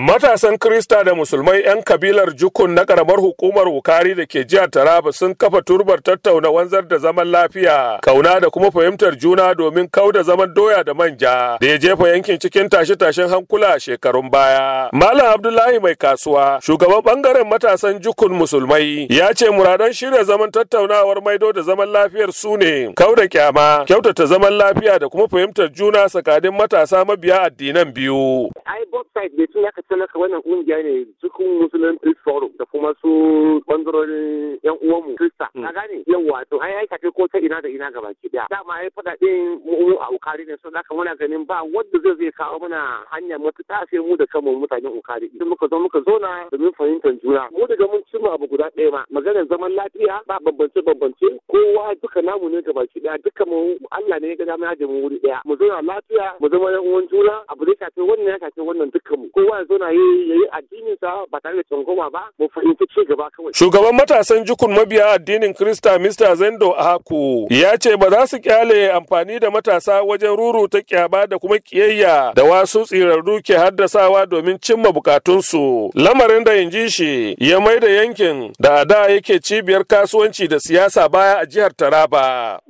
Matasan Kirista da Musulmai 'yan kabilar Jukun na karamar hukumar Wukari da ke jihar Taraba sun kafa turbar tattauna wanzar da zaman lafiya, kauna da kuma fahimtar juna domin kau da zaman doya da manja da ya jefa yankin cikin tashe-tashen hankula shekarun baya. Malam Abdullahi mai kasuwa, shugaban ɓangaren matasan Jukun Musulmai, ya ce muradan shirya zaman tattaunawar maido da zaman lafiyar su ne kau da kyama, kyautata zaman lafiya da kuma fahimtar juna tsakanin matasa mabiya addinan biyu. talaka wannan kungiya ne cikin musulun Peace Forum da kuma su bangarorin yan uwanmu Krista. na hmm. gane? yau wato. An yi ce ko ta ina da ina gabaki daya. Dama ya fada din mu a Ukari ne sun zaka muna ganin ba wanda zai zai kawo mana hanya mafi sai mu da kanmu mutanen Ukari. Idan muka zo muka zo na domin fahimtar juna. Mu daga mun cimma abu guda ɗaya ba maganar zaman lafiya ba bambance bambance kowa duka namu ne ga baki ɗaya duka mu Allah ne ya ga dama ya mu wuri ɗaya mu zauna lafiya mu zama yan uwan juna abu da shafi wannan ya shafi wannan duka mu kowa ya zauna ya yi addinin sa ba tare da tsangoma ba mu fahimci ci gaba kawai. Shugaban matasan jukun mabiya addinin Krista Mr. Zendo haku ya ce ba za su kyale amfani da matasa wajen ruru ta kyaba da kuma kiyayya da wasu tsirarru ke haddasawa domin cimma bukatunsu lamarin da in ji shi ya mai da yankin da a da yake cibiyar kasuwanci da siyasa baya a jihar Taraba.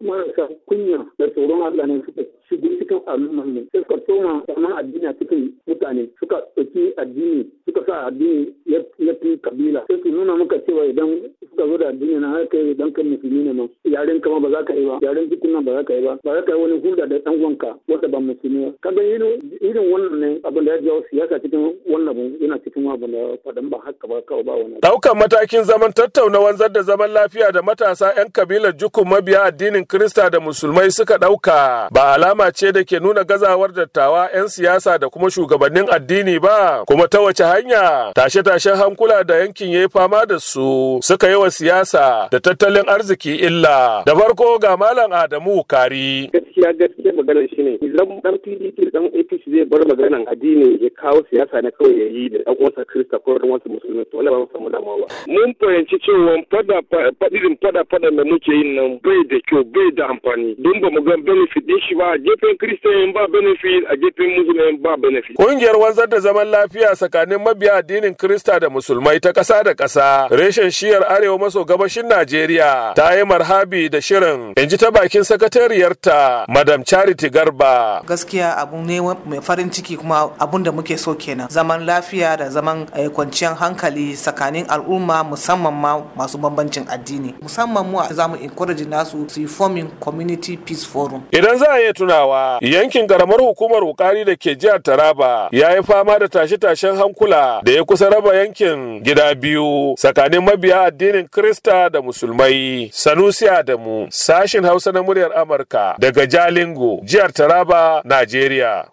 Marasa kunya da tsoron Allah ne suka shigo cikin al'ummar ne. Sai suka tsoma saman addini a cikin mutane suka ɗauki addini suka sa addini ya fi kabila. Sai su nuna muka cewa idan suka zo da addini na har kai dan kan musulmi ne ma yaren kama ba za ka yi ba yaren cikin nan ba za ka yi ba ba za ka yi wani hulɗa da ɗan uwanka wanda ba musulmi ba ga irin wannan ne abin da ya jawo siyasa cikin wannan abu yana cikin abin da faɗan ba haka ba kawai ba wani. Ɗaukar matakin zaman tattauna wanzar da zaman lafiya da matasa 'yan kabilar jukun mabiya addinin Kirista da Musulmai suka ɗauka ba alama ce da ke nuna gazawar dattawa 'yan siyasa da kuma shugabannin addini ba kuma ta wace hanya tashe-tashen hankula da yankin ya yi fama da su suka yi wa siyasa da tattalin arziki illa. Da farko ga Malam Adamu Kari. gaskiya gaskiya maganar shi ne idan dan PDP dan APC zai bar maganan addini ya kawo siyasa na kawai ya yi da dan uwansa krista ko dan uwansa Musulmi to wala ba mu samu damuwa ba. Mun fahimci cewa fada fadin fada fada da muke yin nan bai da kyau bai da amfani don ba mu ga benefit din shi ba a gefen yin ba benefit a gefen Musulmi ba benefit. Kungiyar wanzar da zaman lafiya tsakanin mabiya addinin Kirista da Musulmai ta ƙasa da ƙasa reshen shiyar arewa maso gabashin Najeriya ta yi marhabi da shirin in ji ta bakin sakatariyarta madam charity garba gaskiya abu ne mai farin ciki kuma abun da muke so kenan zaman lafiya da zaman eh, kwanciyar hankali tsakanin al'umma musamman ma masu bambancin addini musamman mu za mu encourage nasu su forming community peace forum idan za a iya tunawa yankin karamar hukumar wukari da ke jihar taraba ya yi fama da tashe-tashen hankula da ya kusa raba yankin gida biyu tsakanin mabiya addinin krista da musulmai sanusi adamu sashin hausa na muryar amurka daga jihar Jalingo, jihar Taraba, Najeriya.